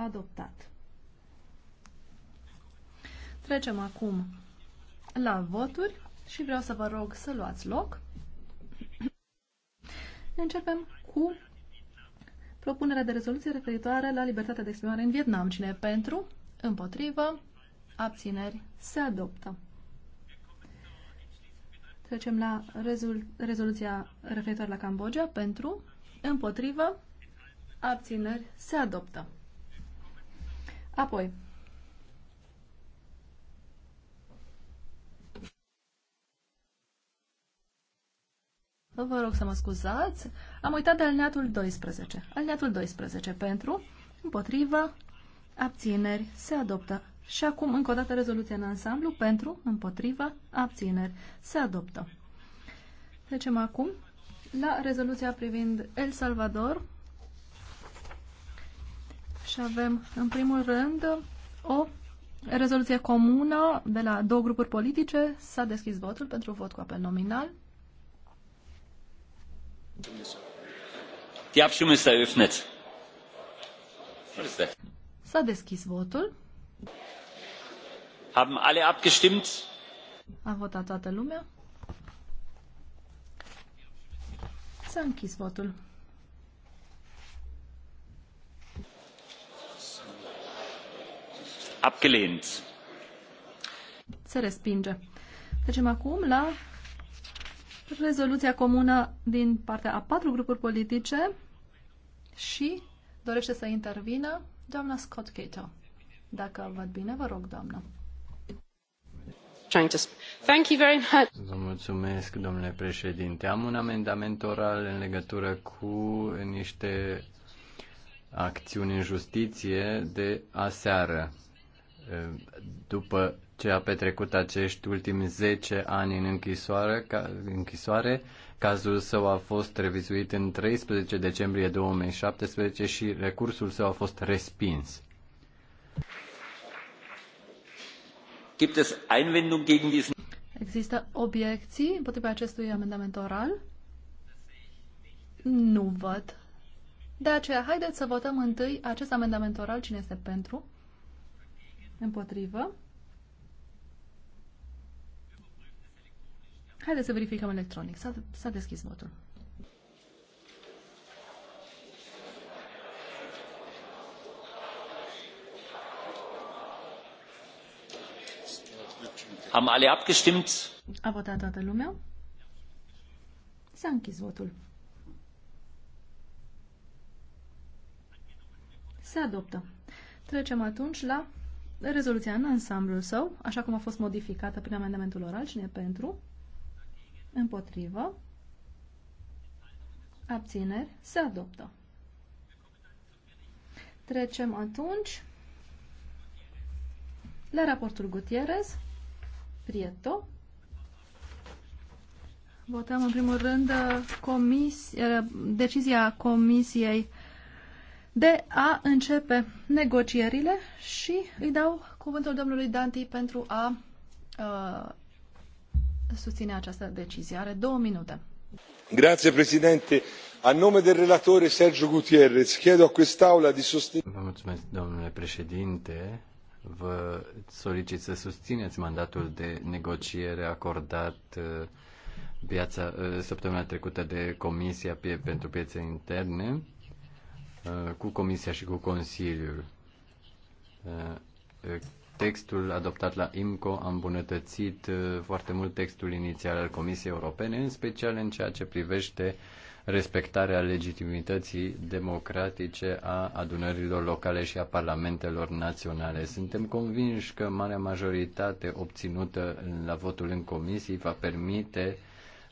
adoptat. Trecem acum la voturi și vreau să vă rog să luați loc. Începem cu propunerea de rezoluție referitoare la libertatea de exprimare în Vietnam. Cine e pentru? Împotrivă? Abțineri? Se adoptă. Trecem la rezol rezoluția referitoare la Cambodgia. Pentru? Împotrivă? Abțineri? Se adoptă. Apoi, Vă rog să mă scuzați. Am uitat de alineatul 12. Alineatul 12 pentru, împotrivă, abțineri, se adoptă. Și acum, încă o dată, rezoluția în ansamblu pentru, împotrivă, abțineri, se adoptă. Trecem acum la rezoluția privind El Salvador, și avem, în primul rând, o rezoluție comună de la două grupuri politice. S-a deschis votul pentru vot cu apel nominal. Die Abstimmung ist eröffnet. S-a deschis votul. Haben alle abgestimmt? A votat toată lumea. S-a închis votul. abgelehnt. Se respinge. Trecem acum la rezoluția comună din partea a patru grupuri politice și dorește să intervină doamna Scott Cato. Dacă văd bine, vă rog, doamnă. Thank you very much. Vă mulțumesc, domnule președinte. Am un amendament oral în legătură cu niște acțiuni în justiție de aseară după ce a petrecut acești ultimi 10 ani în închisoare, ca, închisoare, cazul său a fost revizuit în 13 decembrie 2017 și recursul său a fost respins. Există obiecții împotriva acestui amendament oral? Nu văd. De aceea, haideți să votăm întâi acest amendament oral. Cine este pentru? Împotrivă. Haideți să verificăm electronic. S-a deschis votul. Am alle abgestimmt? A votat toată lumea? S-a închis votul. Se adoptă. Trecem atunci la rezoluția în ansamblul său, așa cum a fost modificată prin amendamentul oral. Cine e pentru? Împotrivă. Abțineri. Se adoptă. Trecem atunci la raportul Gutierrez. Prieto. Votăm în primul rând comis, eh, decizia Comisiei de a începe negocierile și îi dau cuvântul domnului Danti pentru a uh, susține această decizie. Are două minute. Grazie, Presidente. A nome del relatore Sergio Gutierrez, chiedo a quest'Aula di sostenere... Vă mulțumesc, domnule președinte. Vă solicit să susțineți mandatul de negociere acordat uh, viața, uh, săptămâna trecută de Comisia pentru Piețe Interne Uh, cu Comisia și cu Consiliul. Uh, textul adoptat la IMCO a îmbunătățit uh, foarte mult textul inițial al Comisiei Europene, în special în ceea ce privește respectarea legitimității democratice a adunărilor locale și a parlamentelor naționale. Suntem convinși că marea majoritate obținută la votul în comisii va permite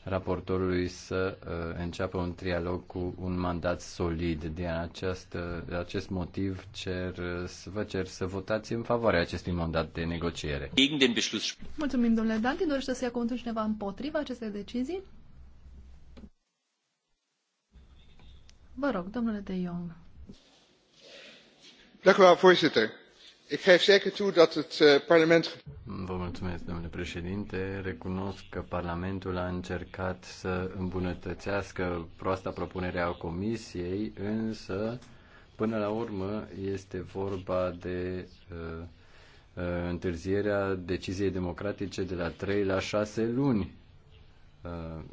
raportorului să uh, înceapă un trialog cu un mandat solid. Din această, acest motiv cer, uh, vă cer să votați în favoarea acestui mandat de negociere. Mulțumim, domnule Danti. Dorește să ia cuvântul cineva împotriva acestei decizii? Vă rog, domnule De Jong. Dacă vă geef zeker toe dat het eh, parlement. domnule președinte. Recunosc că Parlamentul a încercat să îmbunătățească proasta propunere a Comisiei, însă, până la urmă, este vorba de uh, întârzierea deciziei democratice de la 3 la 6 luni. Uh,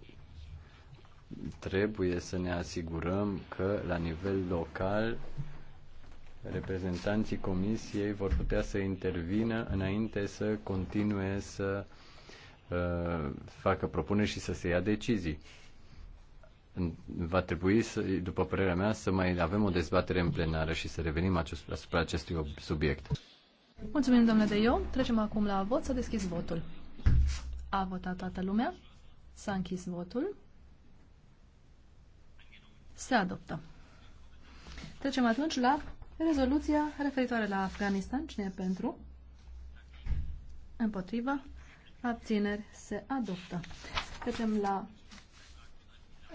trebuie să ne asigurăm că la nivel local reprezentanții comisiei vor putea să intervină înainte să continue să uh, facă propuneri și să se ia decizii. Va trebui, să, după părerea mea, să mai avem o dezbatere în plenară și să revenim acest, asupra acestui subiect. Mulțumim, domnule De Eu. Trecem acum la vot. Să deschis votul. A votat toată lumea. S-a închis votul. Se adoptă. Trecem atunci la Rezoluția referitoare la Afganistan, cine e pentru? Împotrivă. Abțineri se adoptă. Trecem la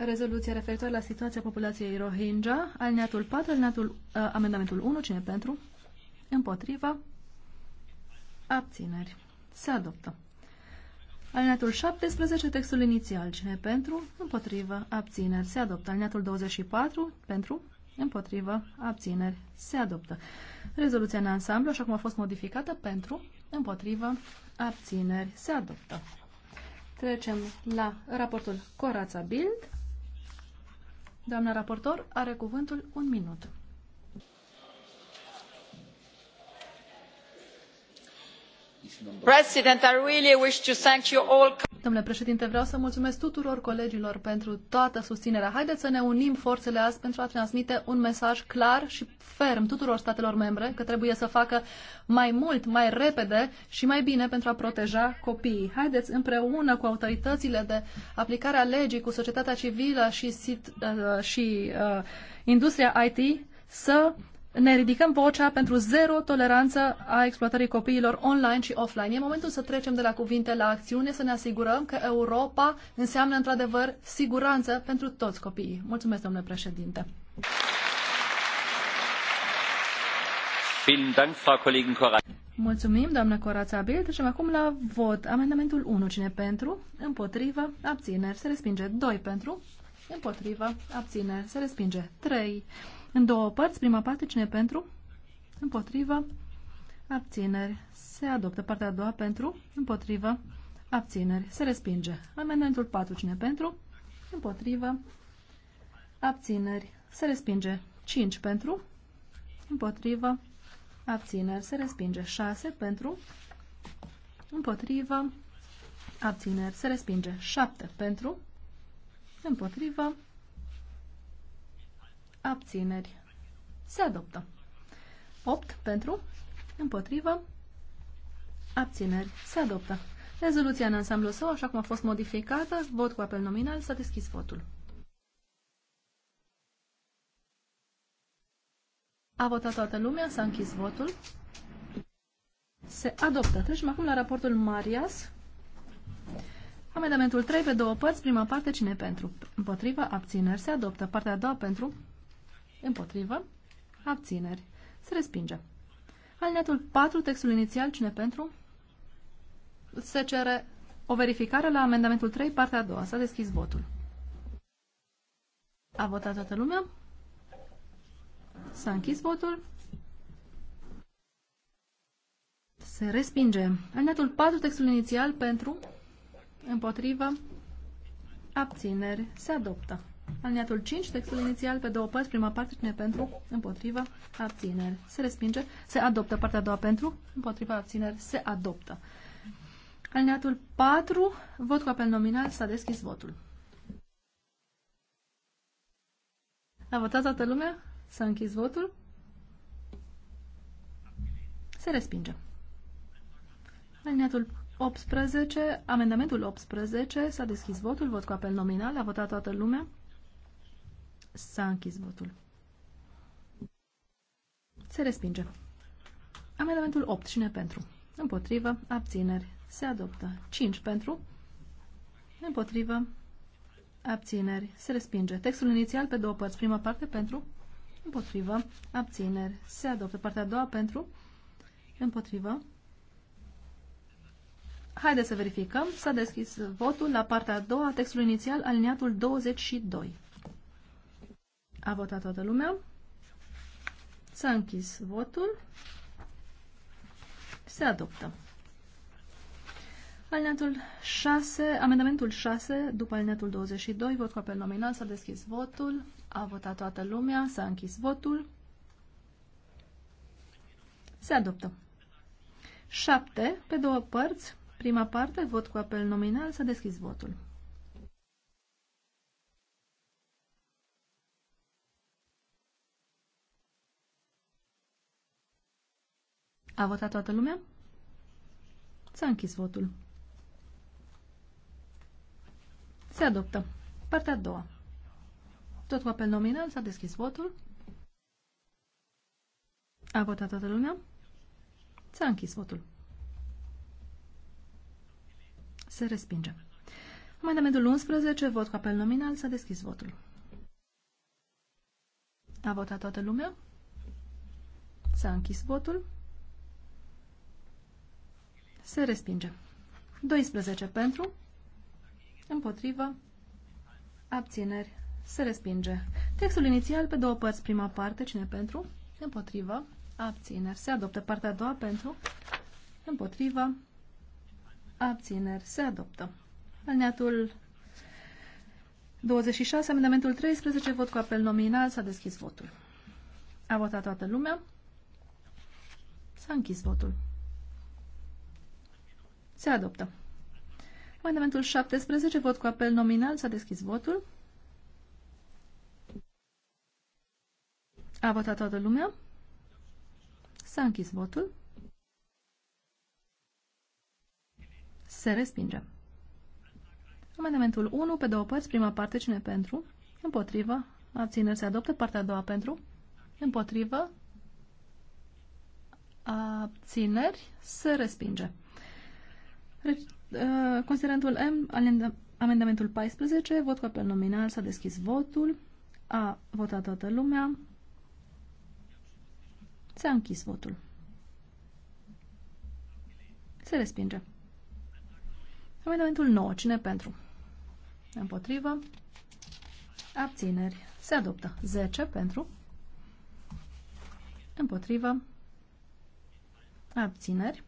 rezoluția referitoare la situația populației Rohingya, alineatul 4, alineatul, uh, amendamentul 1, cine pentru? Împotrivă. Abțineri. Se adoptă. Alineatul 17, textul inițial. Cine pentru? Împotrivă. Abțineri. Se adoptă. Alineatul 24, pentru? împotrivă, abțineri, se adoptă. Rezoluția în ansamblu, așa cum a fost modificată, pentru, împotrivă, abțineri, se adoptă. Trecem la raportul Corața Bild. Doamna raportor are cuvântul un minut. President, I really wish to thank you all. Domnule președinte, vreau să mulțumesc tuturor colegilor pentru toată susținerea. Haideți să ne unim forțele azi pentru a transmite un mesaj clar și ferm tuturor statelor membre că trebuie să facă mai mult, mai repede și mai bine pentru a proteja copiii. Haideți împreună cu autoritățile de aplicare a legii, cu societatea civilă și, sit, uh, și uh, industria IT să ne ridicăm vocea pentru zero toleranță a exploatării copiilor online și offline. E momentul să trecem de la cuvinte la acțiune, să ne asigurăm că Europa înseamnă într-adevăr siguranță pentru toți copiii. Mulțumesc, domnule președinte. Mulțumim, doamnă Corața Bild. Trecem acum la vot. Amendamentul 1. Cine pentru? Împotrivă? Abțineri. Se respinge. 2 pentru? Împotrivă? Abțineri. Se respinge. 3 în două părți, prima parte, cine pentru? Împotrivă. Abțineri. Se adoptă partea a doua pentru? Împotrivă. Abțineri. Se respinge. Amendamentul 4, cine pentru? Împotrivă. Abțineri. Se respinge. 5 pentru? Împotrivă. Abțineri. Se respinge. 6 pentru? Împotrivă. Abțineri. Se respinge. 7 pentru? Împotrivă abțineri, se adoptă. 8 pentru, împotrivă, abțineri, se adoptă. Rezoluția în ansamblu său, așa cum a fost modificată, vot cu apel nominal, s-a deschis votul. A votat toată lumea, s-a închis votul. Se adoptă. Trecem acum la raportul Marias. Amendamentul 3 pe două părți, prima parte cine pentru? Împotriva, abțineri, se adoptă. Partea a doua pentru, Împotrivă. Abțineri. Se respinge. Alineatul 4, textul inițial, cine pentru? Se cere o verificare la amendamentul 3, partea a doua. S-a deschis votul. A votat toată lumea? S-a închis votul? Se respinge. Alineatul 4, textul inițial, pentru? Împotrivă? Abțineri. Se adoptă. Aliniatul 5, textul inițial pe două părți, prima parte cine pentru, împotrivă, abțineri. Se respinge, se adoptă partea a doua pentru, împotrivă, abțineri, se adoptă. Aliniatul 4, vot cu apel nominal, s-a deschis votul. A votat toată lumea? S-a închis votul? Se respinge. Aliniatul 18, amendamentul 18, s-a deschis votul, vot cu apel nominal, a votat toată lumea? S-a închis votul. Se respinge. Amendamentul 8. Cine pentru? Împotrivă. Abțineri. Se adoptă. 5 pentru. Împotrivă. Abțineri. Se respinge. Textul inițial pe două părți. Prima parte pentru. Împotrivă. Abțineri. Se adoptă. Partea a doua pentru. Împotrivă. Haideți să verificăm. S-a deschis votul la partea a doua, textul inițial, aliniatul 22. A votat toată lumea. S-a închis votul. Se adoptă. Alineatul 6, amendamentul 6, după alineatul 22, vot cu apel nominal, s-a deschis votul, a votat toată lumea, s-a închis votul. Se adoptă. 7, pe două părți, prima parte, vot cu apel nominal, s-a deschis votul. A votat toată lumea? S-a închis votul. Se adoptă. Partea a doua. Tot cu apel nominal s-a deschis votul. A votat toată lumea? S-a închis votul. Se respinge. Amendamentul 11, vot cu apel nominal, s-a deschis votul. A votat toată lumea? S-a închis votul? Se respinge. 12 pentru, împotrivă, abțineri, se respinge. Textul inițial pe două părți, prima parte, cine pentru, împotrivă, abțineri, se adoptă. Partea a doua pentru, împotrivă, abțineri, se adoptă. Alineatul 26, amendamentul 13, vot cu apel nominal, s-a deschis votul. A votat toată lumea, s-a închis votul. Se adoptă. Amendamentul 17, vot cu apel nominal, s-a deschis votul. A votat toată lumea. S-a închis votul. Se respinge. Amendamentul 1 pe două părți, prima parte cine pentru, împotrivă, abțineri se adoptă, partea a doua pentru, împotrivă, abțineri se respinge. Uh, considerentul M, amendamentul 14, vot cu apel nominal, s-a deschis votul, a votat toată lumea, s-a închis votul. Se respinge. Amendamentul 9, cine pentru? Împotrivă. Abțineri. Se adoptă. 10 pentru. Împotrivă. Abțineri.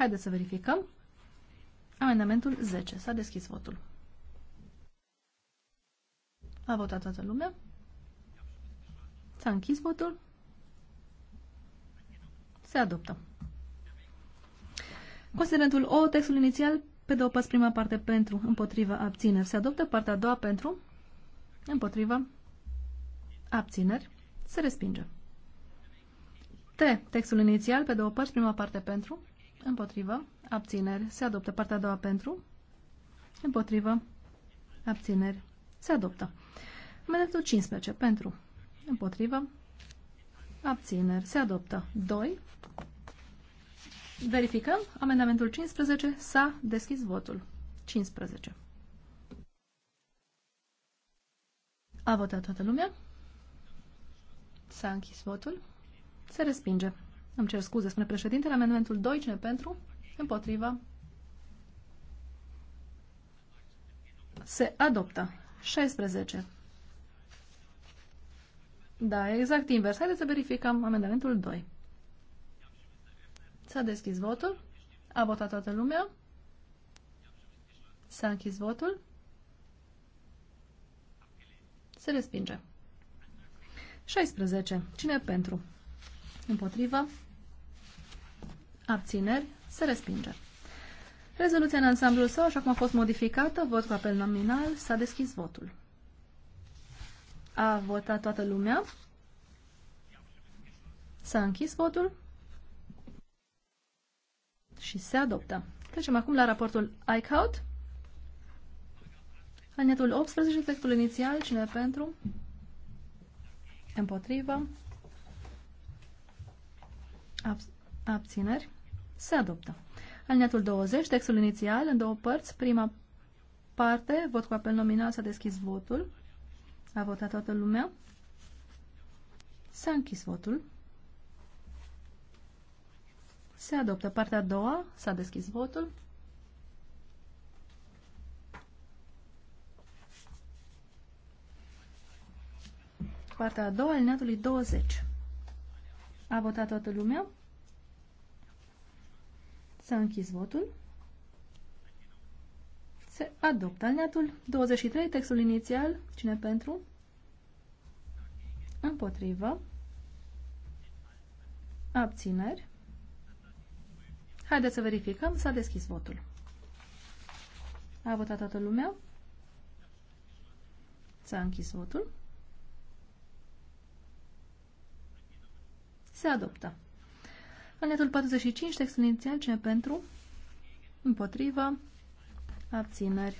Haideți să verificăm. Amendamentul 10. S-a deschis votul. A votat toată lumea. S-a închis votul. Se adoptă. Considerentul O, textul inițial, pe două părți, prima parte pentru, împotrivă, abțineri. Se adoptă partea a doua pentru, împotrivă, abțineri. Se respinge. T, textul inițial, pe două părți, prima parte pentru, Împotrivă. Abțineri. Se adoptă. Partea a doua pentru. Împotrivă. Abțineri. Se adoptă. Amendamentul 15. Pentru. Împotrivă. Abțineri. Se adoptă. 2. Verificăm. Amendamentul 15. S-a deschis votul. 15. A votat toată lumea. S-a închis votul. Se respinge. Îmi cer scuze, spune președintele. Amendamentul 2, cine pentru? Împotriva. Se adoptă. 16. Da, exact invers. Haideți să verificăm amendamentul 2. S-a deschis votul. A votat toată lumea. S-a închis votul. Se respinge. 16. Cine pentru? Împotrivă? abțineri, se respinge. Rezoluția în ansamblu său, așa cum a fost modificată, vot cu apel nominal, s-a deschis votul. A votat toată lumea. S-a închis votul și se adoptă. Trecem acum la raportul ICAUT. Alinetul 18, textul inițial, cine pentru? Împotrivă. Ab abțineri. Se adoptă. Alineatul 20, textul inițial, în două părți. Prima parte, vot cu apel nominal, s-a deschis votul. A votat toată lumea. S-a închis votul. Se adoptă partea a doua, s-a deschis votul. Partea a doua, alineatului 20. A votat toată lumea. S-a închis votul. Se adoptă alineatul 23, textul inițial. Cine pentru? Împotrivă. Abțineri. Haideți să verificăm. S-a deschis votul. A votat toată lumea? S-a închis votul. Se adoptă. Aliatul 45, textul inițial, cine pentru? Împotrivă. Abțineri.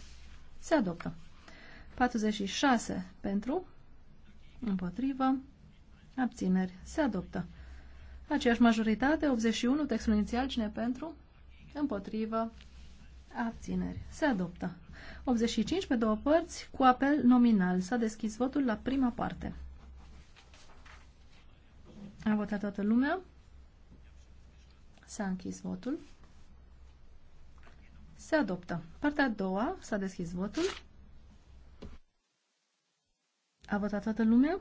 Se adoptă. 46 pentru. Împotrivă. Abțineri. Se adoptă. Aceeași majoritate, 81, textul inițial, cine pentru? Împotrivă. Abțineri. Se adoptă. 85 pe două părți, cu apel nominal. S-a deschis votul la prima parte. A votat toată lumea. S-a închis votul. Se adoptă. Partea a doua. S-a deschis votul. A votat toată lumea?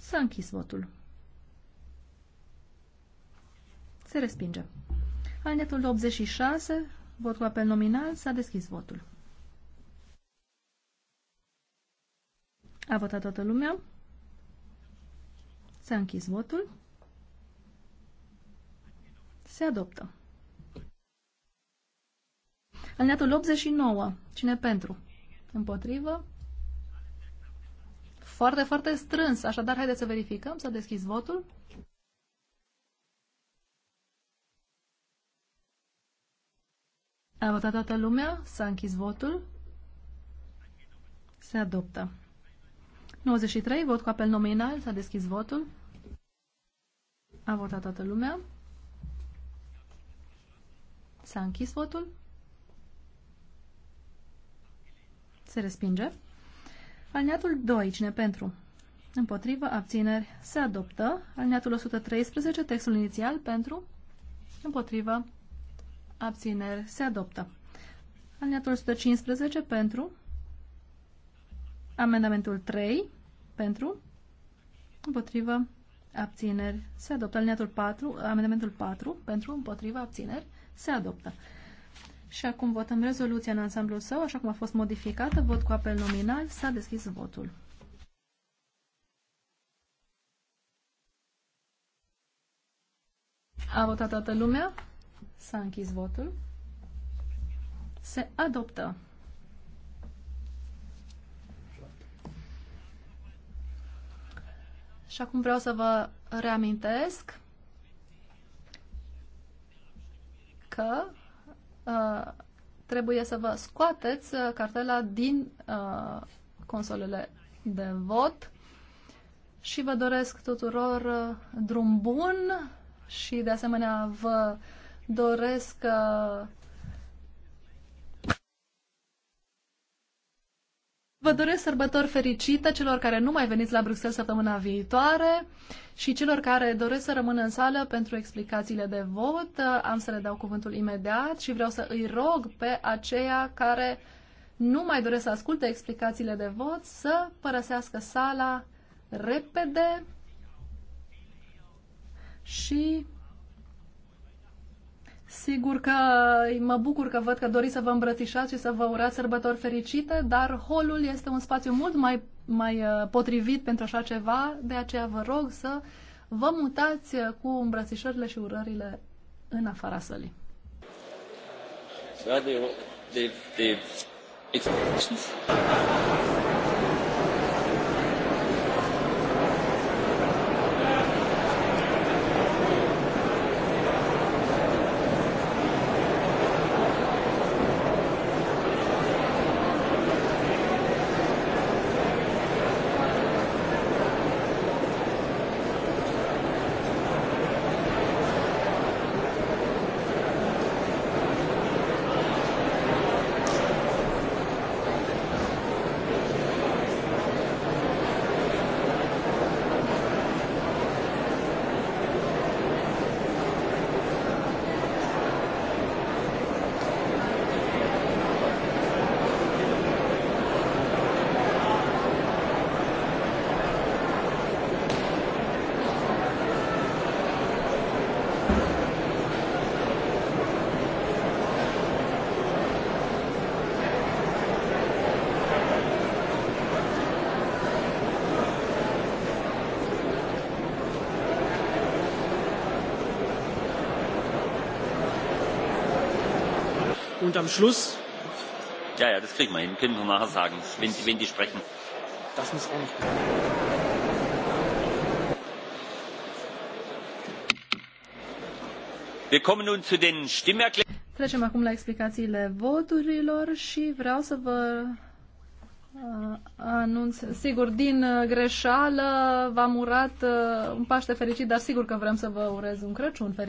S-a închis votul. Se respinge. Alinetul 86, vot cu apel nominal, s-a deschis votul. A votat toată lumea. S-a închis votul. Se adoptă. Alineatul 89. Cine pentru? Împotrivă? Foarte, foarte strâns. Așadar, haideți să verificăm. să a deschis votul. A votat toată lumea? S-a închis votul? Se adoptă. 93. Vot cu apel nominal. S-a deschis votul. A votat toată lumea. S-a închis votul? Se respinge. Alineatul 2, cine pentru? Împotrivă, abțineri, se adoptă. Alineatul 113, textul inițial, pentru? Împotrivă, abțineri, se adoptă. Alineatul 115, pentru? Amendamentul 3, pentru? Împotrivă, abțineri, se adoptă. Alineatul 4, amendamentul 4, pentru, împotriva, abțineri, se adoptă. Și acum votăm rezoluția în ansamblul său, așa cum a fost modificată. Vot cu apel nominal. S-a deschis votul. A votat toată lumea. S-a închis votul. Se adoptă. Și acum vreau să vă reamintesc că uh, trebuie să vă scoateți uh, cartela din uh, consolele de vot și vă doresc tuturor uh, drum bun și de asemenea vă doresc uh, Vă doresc sărbători fericite celor care nu mai veniți la Bruxelles săptămâna viitoare și celor care doresc să rămână în sală pentru explicațiile de vot. Am să le dau cuvântul imediat și vreau să îi rog pe aceia care nu mai doresc să asculte explicațiile de vot să părăsească sala repede și Sigur că mă bucur că văd că doriți să vă îmbrățișați și să vă urați sărbători fericite, dar holul este un spațiu mult mai, mai potrivit pentru așa ceva, de aceea vă rog să vă mutați cu îmbrățișările și urările în afara sălii. Da, de, de, de... und am Schluss. Ja, ja, das kriegen wir hin. Können wir nachher sagen, wenn, wenn die sprechen. Das muss auch nicht. Wir kommen nun zu den Stimmerklärungen. Trecem acum la explicațiile voturilor și vreau să vă uh, anunț. Sigur, din uh, greșeală v-am urat uh, un Paște fericit, dar sigur că vrem să vă urez un Crăciun fericit.